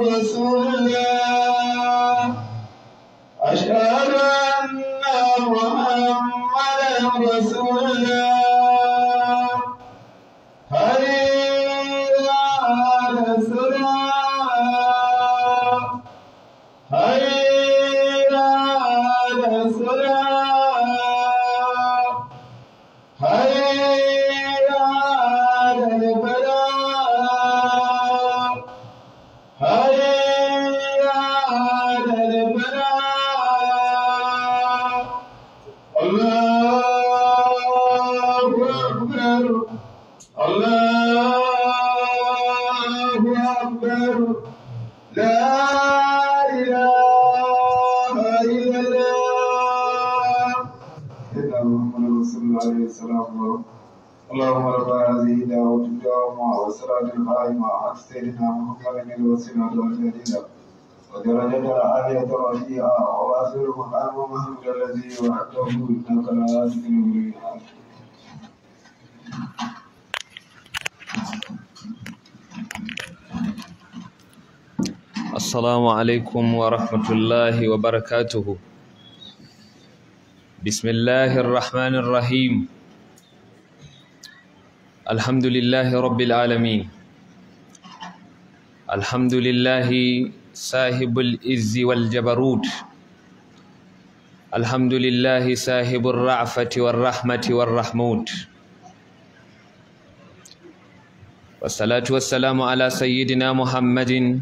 رسول الله أشهد أن محمدا رسول أكبر الله أكبر لا إله إلا الله سيدنا محمد صلى الله عليه وسلم اللهم رب هذه الدعوة الدائمة والصلاة القائمة على سيدنا محمد الوسيلة والجليلة ودرجة العالية الرفيعة وآخر مقام محمد الذي وعدته إنك لا من بالمعاد السلام عليكم ورحمة الله وبركاته بسم الله الرحمن الرحيم الحمد لله رب العالمين الحمد لله صاحب العز والجبروت الحمد لله صاحب الرعفة والرحمة والرحموت والصلاة والسلام على سيدنا محمد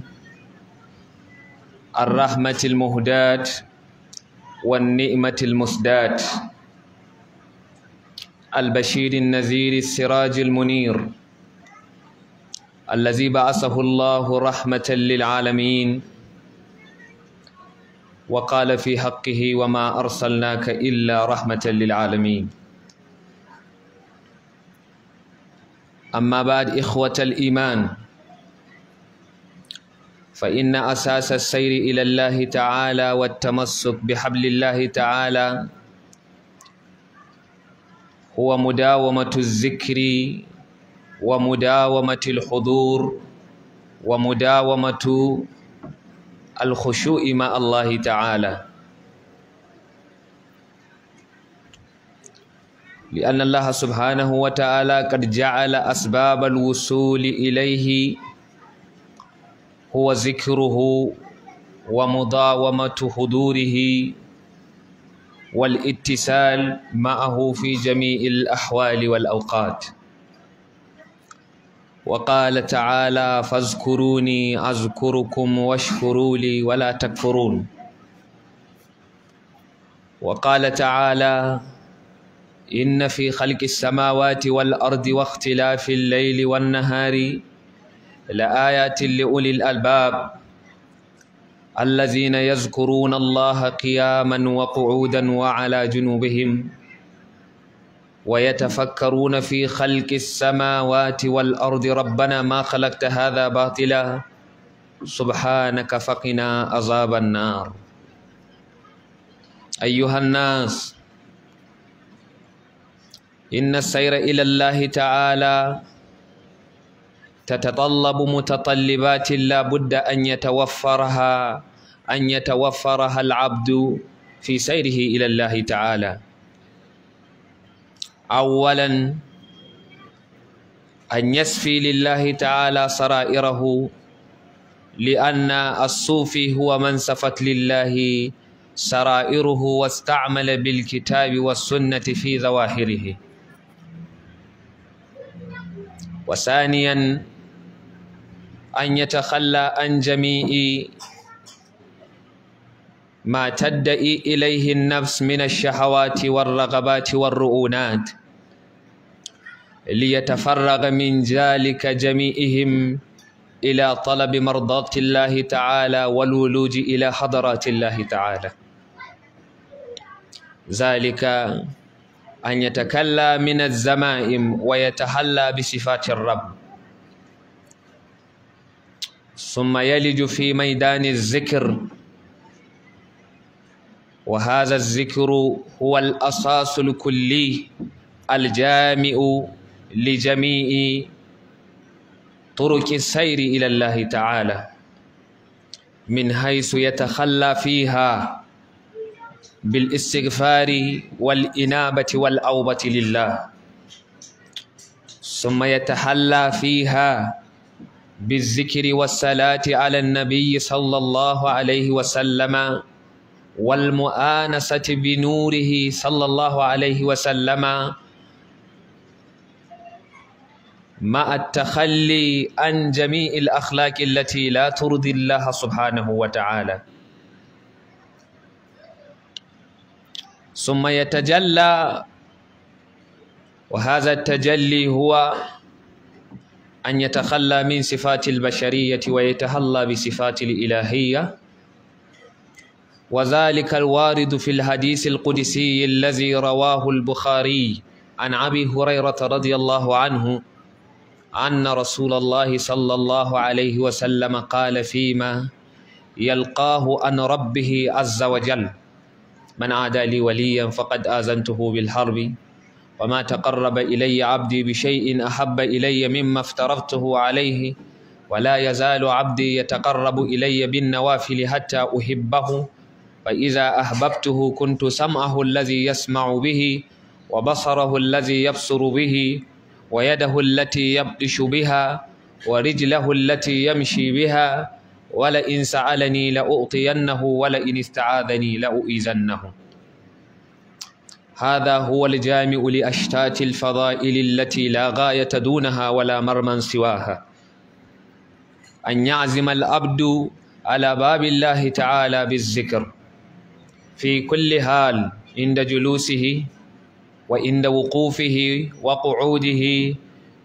الرحمة المهداة والنعمة المسداة البشير النذير السراج المنير الذي بعثه الله رحمة للعالمين وقال في حقه وما أرسلناك إلا رحمة للعالمين أما بعد إخوة الإيمان فإن أساس السير إلى الله تعالى والتمسك بحبل الله تعالى هو مداومة الذكر ومداومة الحضور ومداومة الخشوع مع الله تعالى لأن الله سبحانه وتعالى قد جعل أسباب الوصول إليه هو ذكره ومداومة حضوره والاتصال معه في جميع الأحوال والأوقات وقال تعالى فاذكروني أذكركم واشكروا لي ولا تكفرون وقال تعالى إن في خلق السماوات والأرض واختلاف الليل والنهار لآيات لأولي الألباب الذين يذكرون الله قياما وقعودا وعلى جنوبهم ويتفكرون في خلق السماوات والأرض ربنا ما خلقت هذا باطلا سبحانك فقنا عذاب النار أيها الناس إن السير إلى الله تعالى تتطلب متطلبات لا بد أن يتوفرها أن يتوفرها العبد في سيره إلى الله تعالى أولا أن يسفي لله تعالى سرائره لأن الصوفي هو من سفت لله سرائره واستعمل بالكتاب والسنة في ظواهره وثانيا أن يتخلى عن جميع ما تدعي إليه النفس من الشهوات والرغبات والرؤونات ليتفرغ من ذلك جميعهم إلى طلب مرضاة الله تعالى والولوج إلى حضرات الله تعالى ذلك أن يتكلى من الزمائم ويتحلى بصفات الرب ثم يلج في ميدان الذكر وهذا الذكر هو الأساس الكلي الجامع لجميع طرق السير إلى الله تعالى من حيث يتخلى فيها بالاستغفار والإنابة والأوبة لله ثم يتحلى فيها بالذكر والصلاة على النبي صلى الله عليه وسلم والمؤانسة بنوره صلى الله عليه وسلم مع التخلي عن جميع الأخلاق التي لا ترضي الله سبحانه وتعالى ثم يتجلى وهذا التجلي هو أن يتخلى من صفات البشرية ويتهلى بصفات الإلهية وذلك الوارد في الحديث القدسي الذي رواه البخاري عن أبي هريرة رضي الله عنه أن رسول الله صلى الله عليه وسلم قال فيما يلقاه عن ربه عز وجل من عادى لي وليا فقد آذنته بالحرب وما تقرب إلي عبدي بشيء أحب إلي مما افترضته عليه ولا يزال عبدي يتقرب إلي بالنوافل حتى أحبه فإذا أحببته كنت سمعه الذي يسمع به وبصره الذي يبصر به ويده التي يبطش بها ورجله التي يمشي بها ولئن سألني لأعطينه ولئن استعاذني لأؤذنه هذا هو الجامع لأشتات الفضائل التي لا غاية دونها ولا مرمى سواها أن يعزم الأبد على باب الله تعالى بالذكر في كل حال عند جلوسه وعند وقوفه وقعوده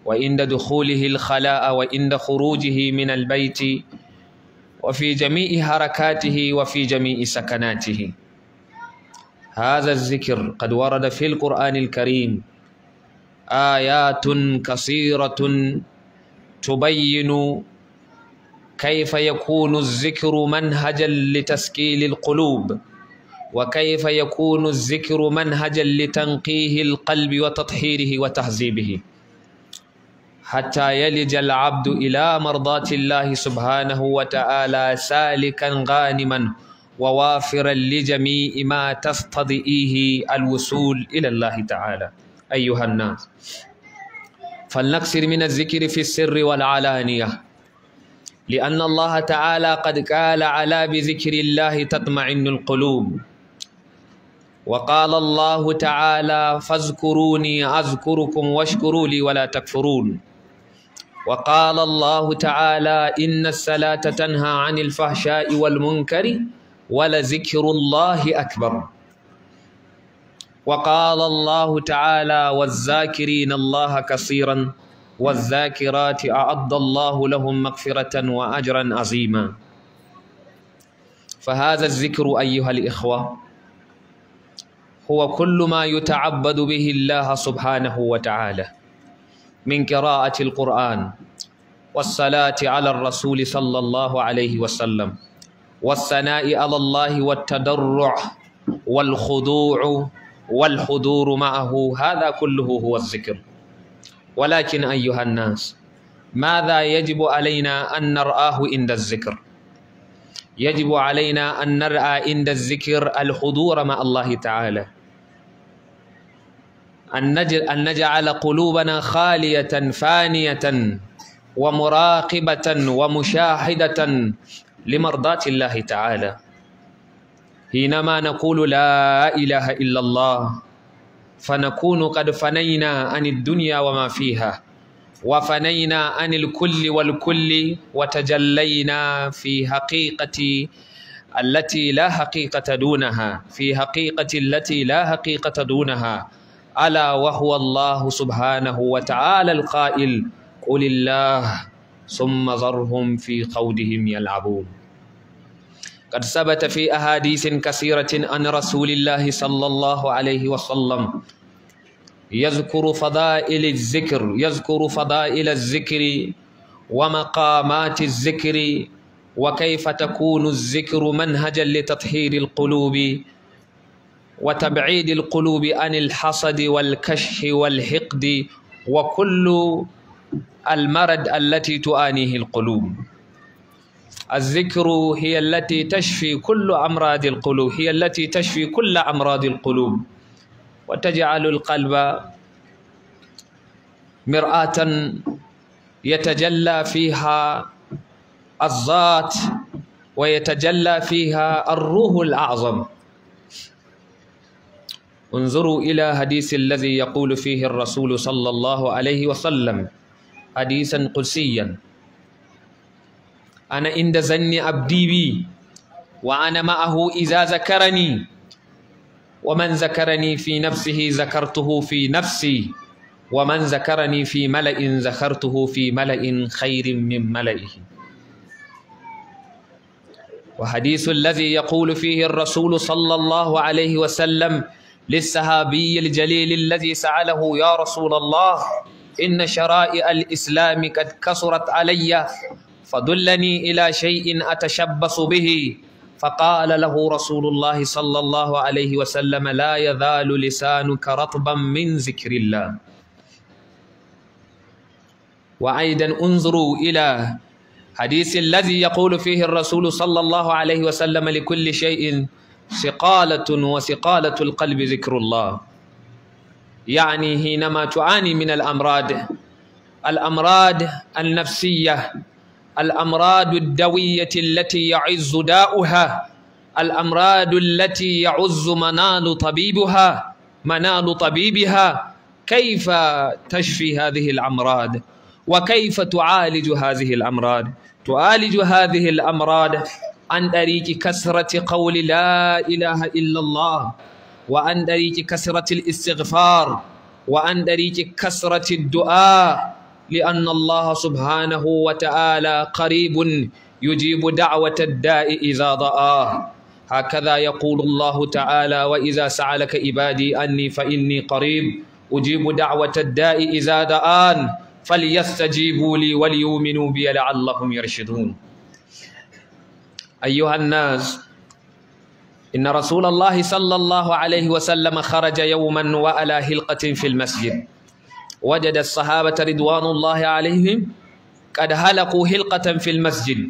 وعند دخوله الخلاء وعند خروجه من البيت وفي جميع حركاته وفي جميع سكناته هذا الذكر قد ورد في القرآن الكريم آيات كثيرة تبين كيف يكون الذكر منهجا لتسكيل القلوب وكيف يكون الذكر منهجا لتنقيه القلب وتطهيره وتهذيبه حتى يلج العبد إلى مرضات الله سبحانه وتعالى سالكا غانما ووافرا لجميع ما تستضئيه الوصول إلى الله تعالى أيها الناس فلنكسر من الذكر في السر والعلانية لأن الله تعالى قد قال على بذكر الله تطمئن القلوب وقال الله تعالى فاذكروني أذكركم واشكروا لي ولا تكفرون وقال الله تعالى إن الصلاة تنهى عن الفحشاء والمنكر ولذكر الله أكبر وقال الله تعالى والذاكرين الله كثيرا والذاكرات أعد الله لهم مغفرة وأجرا عظيما فهذا الذكر أيها الإخوة هو كل ما يتعبد به الله سبحانه وتعالى من قراءة القرآن والصلاة على الرسول صلى الله عليه وسلم والثناء على الله والتدرع والخضوع والحضور معه هذا كله هو الذكر ولكن أيها الناس ماذا يجب علينا أن نرآه عند الذكر يجب علينا أن نرأى عند الذكر الحضور مع الله تعالى أن نجعل قلوبنا خالية فانية ومراقبة ومشاهدة لمرضات الله تعالى حينما نقول لا إله إلا الله فنكون قد فنينا عن الدنيا وما فيها وفنينا عن الكل والكل وتجلينا في حقيقة التي لا حقيقة دونها في حقيقة التي لا حقيقة دونها ألا وهو الله سبحانه وتعالى القائل قل الله ثم ذرهم في قودهم يلعبون قد ثبت في أحاديث كثيرة ان رسول الله صلى الله عليه وسلم يذكر فضائل الذكر يذكر فضائل الذكر ومقامات الذكر وكيف تكون الذكر منهجا لتطهير القلوب وتبعيد القلوب عن الحسد والكشح والحقد وكل المرض التي تعانيه القلوب الذكر هي التي تشفي كل أمراض القلوب هي التي تشفي كل أمراض القلوب وتجعل القلب مرآة يتجلى فيها الذات ويتجلى فيها الروح الأعظم انظروا إلى حديث الذي يقول فيه الرسول صلى الله عليه وسلم حديثا قدسيا أنا عند ظن عبدي بي وأنا معه إذا ذكرني ومن ذكرني في نفسه ذكرته في نفسي ومن ذكرني في ملأ ذكرته في ملأ خير من ملئه وحديث الذي يقول فيه الرسول صلى الله عليه وسلم للسهابي الجليل الذي سأله يا رسول الله إن شرائع الإسلام قد كسرت علي فدلني إلى شيء أتشبث به فقال له رسول الله صلى الله عليه وسلم لا يذال لسانك رطبا من ذكر الله وعيدا انظروا إلى حديث الذي يقول فيه الرسول صلى الله عليه وسلم لكل شيء ثقالة وثقالة القلب ذكر الله يعني حينما تعاني من الأمراض الأمراض النفسية الأمراض الدوية التي يعز داؤها الأمراض التي يعز منال طبيبها منال طبيبها كيف تشفي هذه الأمراض وكيف تعالج هذه الأمراض تعالج هذه الأمراض أن طريق كثرة قول لا إله إلا الله وأن طريق كثرة الاستغفار وأن طريق كثرة الدعاء لأن الله سبحانه وتعالى قريب يجيب دعوة الداء إذا ضآه هكذا يقول الله تعالى وإذا سألك عبادي أني فإني قريب أجيب دعوة الداء إذا دآن فليستجيبوا لي وليؤمنوا بي لعلهم يرشدون أيها الناس إن رسول الله صلى الله عليه وسلم خرج يوما وعلى هلقة في المسجد وجد الصحابة رضوان الله عليهم قد هلقوا هلقة في المسجد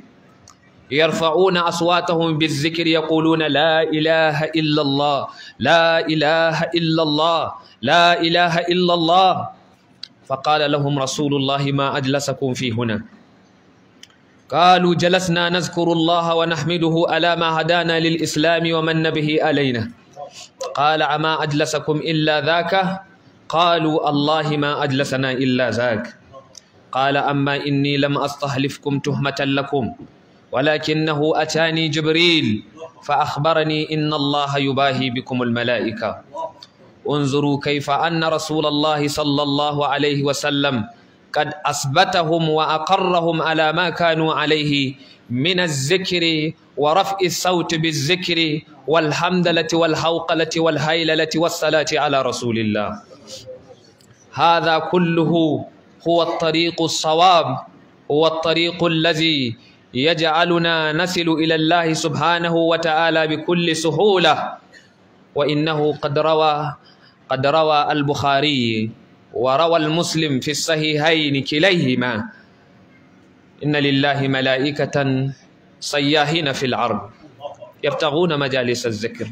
يرفعون أصواتهم بالذكر يقولون لا إله إلا الله لا إله إلا الله لا إله إلا الله فقال لهم رسول الله ما أجلسكم في هنا قالوا جلسنا نذكر الله ونحمده على ما هدانا للإسلام ومن به علينا قال أما أجلسكم إلا ذاك قالوا الله ما أجلسنا إلا ذاك قال أما إني لم أستهلفكم تهمة لكم ولكنه أتاني جبريل فأخبرني إن الله يباهي بكم الملائكة انظروا كيف أن رسول الله صلى الله عليه وسلم قد أثبتهم وأقرهم على ما كانوا عليه من الذكر ورفع الصوت بالذكر والحمدلة والحوقلة والهيللة والصلاة على رسول الله هذا كله هو الطريق الصواب هو الطريق الذي يجعلنا نصل إلى الله سبحانه وتعالى بكل سهولة وإنه قد روى قد روى البخاري وروى المسلم في الصحيحين كليهما إن لله ملائكة صياحين في العرب يبتغون مجالس الذكر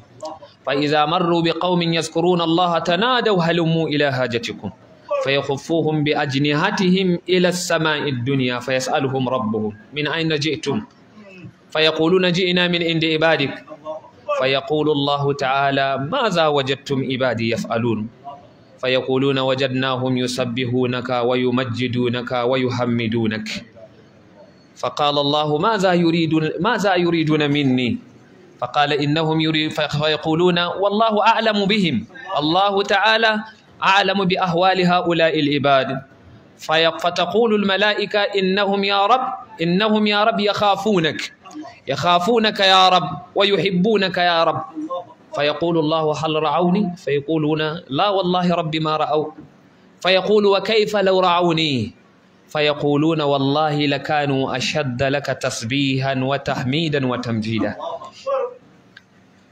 فإذا مروا بقوم يذكرون الله تنادوا هلموا إلى هاجتكم فيخفوهم بأجنحتهم إلى السماء الدنيا فيسألهم ربهم من أين جئتم فيقولون جئنا من عند عبادك فيقول الله تعالى ماذا وجدتم عبادي يفعلون فيقولون وجدناهم يسبحونك ويمجدونك ويحمدونك فقال الله ماذا يريدون ماذا يريدون مني فقال انهم يريد فيقولون والله اعلم بهم الله تعالى اعلم باهوال هؤلاء العباد فتقول الملائكه انهم يا رب انهم يا رب يخافونك يخافونك يا رب ويحبونك يا رب فيقول الله هل رعوني فيقولون لا والله رب ما رأوا فيقول وكيف لو رعوني فيقولون والله لكانوا أشد لك تسبيها وتحميدا وتمجيدا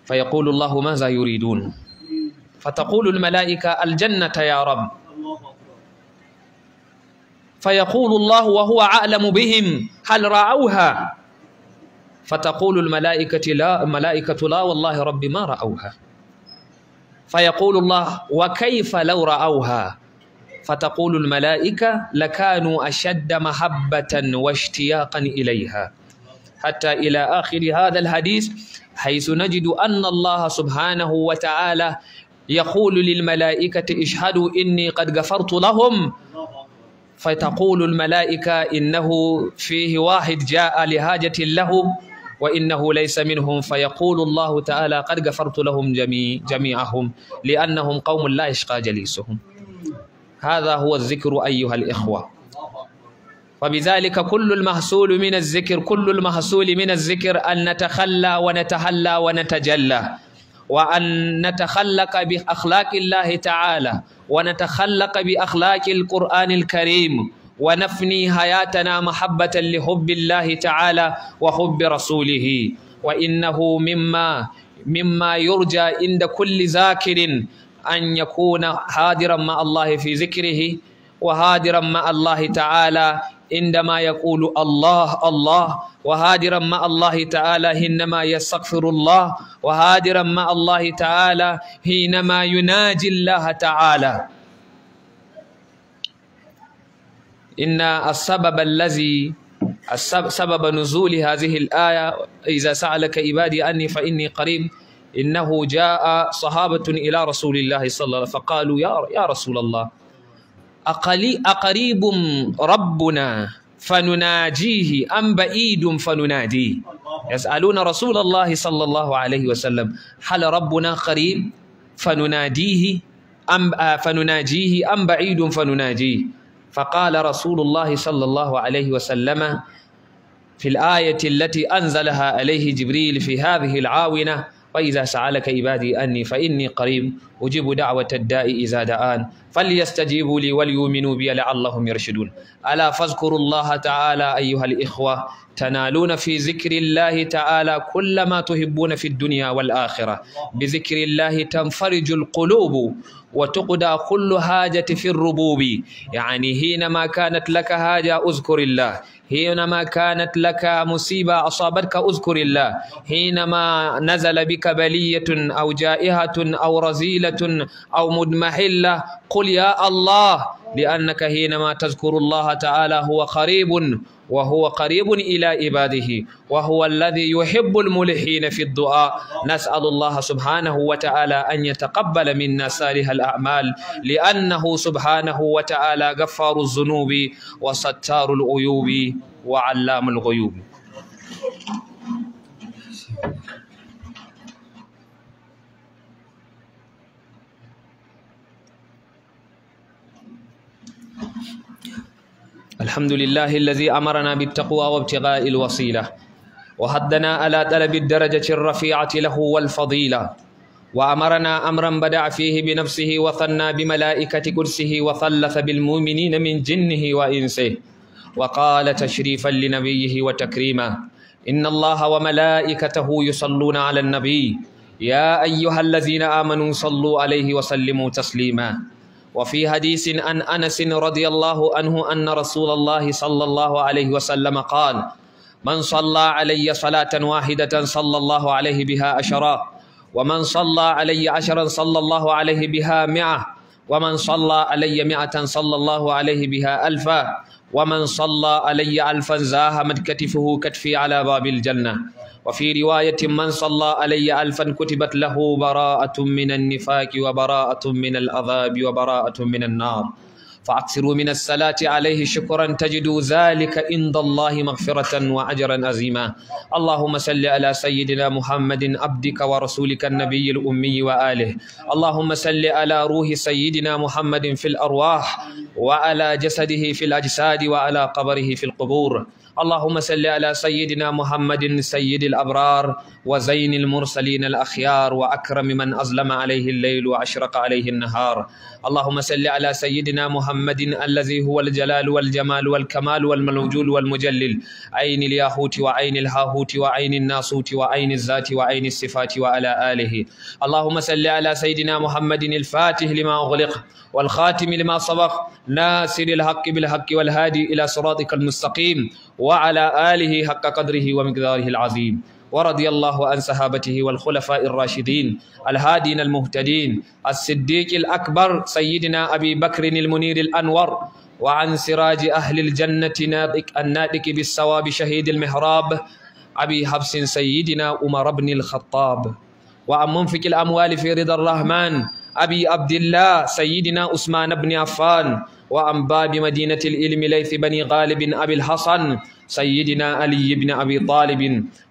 فيقول الله ماذا يريدون فتقول الملائكة الجنة يا رب فيقول الله وهو أعلم بهم هل رعوها فتقول الملائكة لا الملائكة لا والله ربي ما رأوها فيقول الله وكيف لو رأوها فتقول الملائكة لكانوا أشد محبة واشتياقا إليها حتى إلى آخر هذا الحديث حيث نجد أن الله سبحانه وتعالى يقول للملائكة اشهدوا إني قد غفرت لهم فتقول الملائكة إنه فيه واحد جاء لحاجة له وإنه ليس منهم فيقول الله تعالى قد غفرت لهم جميع جميعهم لأنهم قوم لا يشقى جليسهم هذا هو الذكر أيها الإخوة فبذلك كل المحصول من الذكر كل المحصول من الذكر أن نتخلى ونتهلى ونتجلى وأن نتخلق بأخلاق الله تعالى ونتخلق بأخلاق القرآن الكريم ونفني حياتنا محبة لحب الله تعالى وحب رسوله وإنه مما مما يرجى عند كل ذاكر أن يكون حاضرا مع الله في ذكره وحاضرا مع الله تعالى عندما يقول الله الله وهادرا مع الله تعالى حينما يستغفر الله وهادرا مع الله تعالى حينما يناجي الله تعالى إن السبب الذي السبب سبب نزول هذه الآية إذا سألك عبادي أني فإني قريب إنه جاء صحابة إلى رسول الله صلى الله عليه وسلم فقالوا يا يا رسول الله أقلي أقريب ربنا فنناجيه أم بعيد فنناديه يسألون رسول الله صلى الله عليه وسلم هل ربنا قريب فنناديه أم آه، فنناجيه أم بعيد فنناجيه فقال رسول الله صلى الله عليه وسلم في الآية التي أنزلها عليه جبريل في هذه العاونة وإذا سألك عبادي أني فإني قريب أجيب دعوة الداء إذا دعان فليستجيبوا لي وليؤمنوا بي لعلهم يرشدون ألا فاذكروا الله تعالى أيها الإخوة تنالون في ذكر الله تعالى كل ما تحبون في الدنيا والآخرة بذكر الله تنفرج القلوب وتقضى كل حاجة في الربوب يعني حينما كانت لك حاجة اذكر الله حينما كانت لك مصيبة أصابتك اذكر الله حينما نزل بك بلية أو جائحة أو رزيلة أو مدمحلة قل فقل يا الله لأنك حينما تذكر الله تعالى هو قريب وهو قريب إلى عباده وهو الذي يحب الملحين في الدعاء نسأل الله سبحانه وتعالى أن يتقبل منا صالح الأعمال لأنه سبحانه وتعالى غفار الذنوب وستار العيوب وعلام الغيوب الحمد لله الذي أمرنا بالتقوى وابتغاء الوصيلة وهدنا على طلب الدرجة الرفيعة له والفضيلة وأمرنا أمرا بدع فيه بنفسه وثنى بملائكة كرسه وثلث بالمؤمنين من جنه وإنسه وقال تشريفا لنبيه وتكريما إن الله وملائكته يصلون على النبي يا أيها الذين آمنوا صلوا عليه وسلموا تسليما وفي حديث عن أنس رضي الله عنه أن رسول الله صلى الله عليه وسلم قال من صلى علي صلاة واحدة صلى الله عليه بها أشرا ومن صلى علي عشرا صلى الله عليه بها مئة ومن صلى علي مئة صلى الله عليه بها ألفا ومن صلى علي ألفا زاهمت كتفه كتفي على باب الجنة وفي رواية من صلى علي ألفا كتبت له براءة من النفاق وبراءة من الأذاب وبراءة من النار فأكثروا من الصلاة عليه شكرا تجدوا ذلك عند الله مغفرة وأجرا عظيما اللهم صل على سيدنا محمد عبدك ورسولك النبي الأمي وآله اللهم صل على روح سيدنا محمد في الأرواح وعلى جسده في الأجساد وعلى قبره في القبور اللهم صل على سيدنا محمد سيد الأبرار وزين المرسلين الأخيار وأكرم من أظلم عليه الليل وأشرق عليه النهار اللهم صل على سيدنا محمد الذي هو الجلال والجمال والكمال والموجود والمجلل عين الياهوت وعين الهاهوت وعين الناسوت وعين الذات وعين الصفات وعلى آله اللهم صل على سيدنا محمد الفاتح لما أغلق والخاتم لما سبق ناصر الحق بالحق والهادي إلى صراطك المستقيم وعلى آله حق قدره ومقداره العظيم ورضي الله عن صحابته والخلفاء الراشدين الهادين المهتدين الصديق الأكبر سيدنا أبي بكر المنير الأنور وعن سراج أهل الجنة الناطق بالصواب شهيد المحراب أبي حفص سيدنا عمر بن الخطاب وعن منفق الأموال في رضا الرحمن أبي عبد الله سيدنا عثمان بن عفان باب مدينة الإلم ليث بني غالب أبي الحسن سيدنا علي بن أبي طالب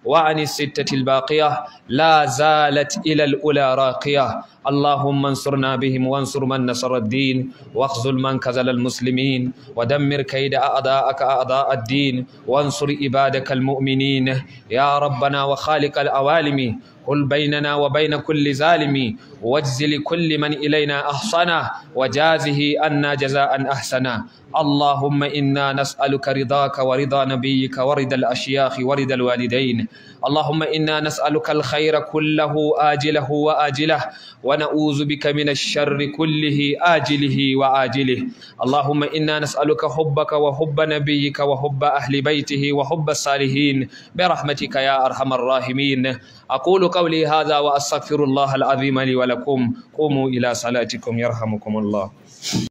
وعن الستة الباقية لا زالت إلى الأولى راقية اللهم انصرنا بهم وانصر من نصر الدين واخذل من كذل المسلمين ودمر كيد أعداءك أعداء الدين وانصر عبادك المؤمنين يا ربنا وخالق الأوالم قل بيننا وبين كل ظالم واجز لكل من إلينا أحسنه وجازه أنا جزاء أحسنه اللهم إنا نسألك رضاك ورضا نبيك ورضا الأشياخ ورضا الوالدين اللهم إنا نسألك الخير كله آجله وآجله ونعوذ بك من الشر كله آجله وآجله اللهم إنا نسألك حبك وحب نبيك وحب أهل بيته وحب الصالحين برحمتك يا أرحم الراحمين aqulu qawli haza wa astaghfirullaha al-azim wa lakum qumu ila salatikum yarhamukumullah